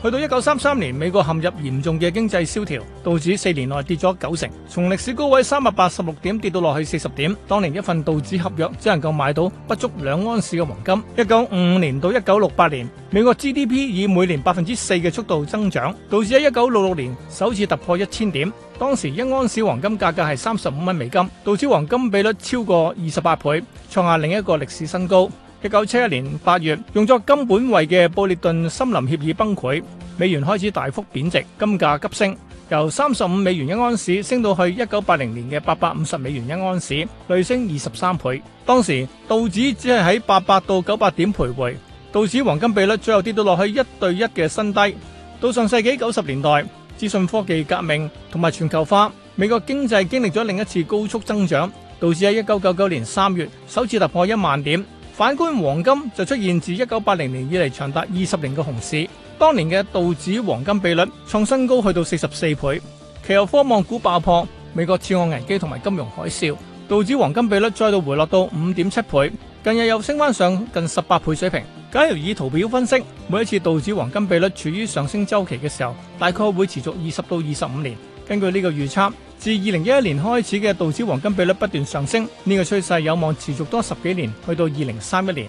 去到一九三三年，美國陷入嚴重嘅經濟蕭條，道指四年內跌咗九成，從歷史高位三百八十六點跌到落去四十點。當年一份道指合約只能夠買到不足兩安士嘅黃金。一九五五年到一九六八年，美國 GDP 以每年百分之四嘅速度增長，道指喺一九六六年首次突破一千點。當時一安士黃金價格係三十五蚊美金，道指黃金比率超過二十八倍，創下另一個歷史新高。一九七一年八月，用作金本位嘅布列頓森林協議崩潰，美元開始大幅貶值，金價急升，由三十五美元一盎司升到去一九八零年嘅八百五十美元一盎司，累升二十三倍。當時道指只係喺八百到九百點徘徊，道指黃金比率最後跌到落去一對一嘅新低。到上世紀九十年代，資訊科技革命同埋全球化，美國經濟經歷咗另一次高速增長，道指喺一九九九年三月首次突破一萬點。反觀黃金就出現自一九八零年以嚟長達二十年嘅熊市，當年嘅道指黃金比率創新高去到四十四倍，其後科網股爆破、美國次按危機同埋金融海嘯，道指黃金比率再度回落到五點七倍，近日又升翻上近十八倍水平。假如以圖表分析，每一次道指黃金比率處於上升周期嘅時候，大概會持續二十到二十五年。根據呢個預測，自二零一一年開始嘅道指黃金比率不斷上升，呢個趨勢有望持續多十幾年，去到二零三一年。